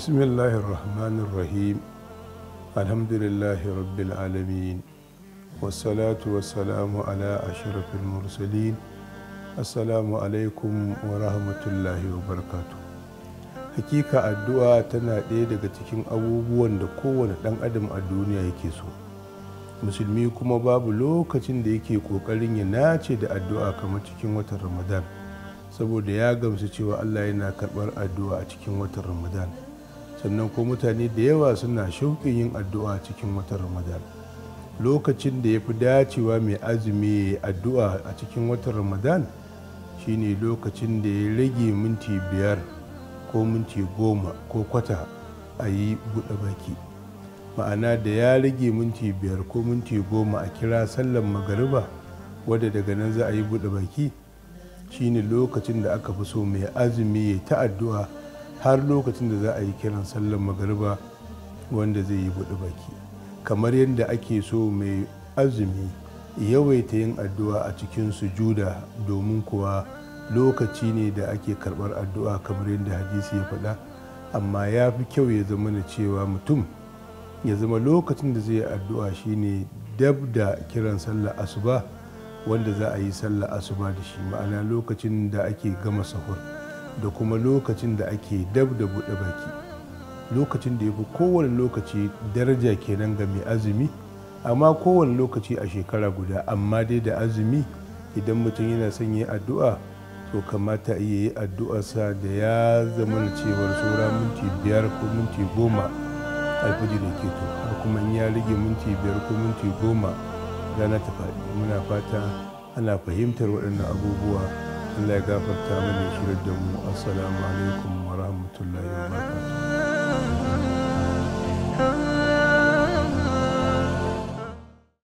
بسم الله الرحمن الرحيم الحمد لله رب العالمين والصلاة والسلام على أشرف المرسلين السلام hakika addu'a tana ɗaya daga cikin abubuwan da kowane ɗan adam a duniya yake so musulmi kuma babu lokacin da yake ƙoƙarin ya nace da addu'a kamar cikin watan ramadan saboda ya gamsu cewa allah yana karɓar addu'a a cikin watan ramadan sannan ko mutane da yawa suna shauƙin yin addu'a cikin watan ramadan lokacin da ya fi dacewa mai azumi addu'a a cikin watan ramadan shine lokacin da ya rage minti biyar ko minti goma ko kwata a yi buɗe baki ma'ana da ya rage minti biyar ko minti goma a kira sallan magariba wadda daga nan za a yi buɗe baki shine lokacin da aka fi so mai azumi ta addu'a har lokacin da za a yi kiran sallar magariba wanda zai yi buɗe baki kamar yadda ake so mai azumi yawaita yin addu'a a cikin sujuda domin kuwa lokaci ne da ake karɓar addu'a kamar yadda hadisi ya faɗa amma ya fi kyau ya zama na cewa mutum ya zama lokacin da zai yi addu'a shine dab da kiran sallar asuba wanda za a yi sallar asuba da shi ma'ana lokacin da ake gama sahur da kuma lokacin da ake dab da buɗe baki lokacin da ya fi kowane lokaci daraja kenan ga mai azumi amma kowane lokaci a shekara guda amma dai da azumi idan mutum yana son yi addu'a to kamata iya yi addu'arsa da ya zama da cewar saura minti biyar ko minti goma alfajir da ke to har kuma in ya rage minti biyar ko minti goma rana ta faɗi muna fata ana fahimtar waɗannan abubuwa Allah ya gafarta mana shirar da mu assalamu alaikum wa rahmatullahi wa barakatuh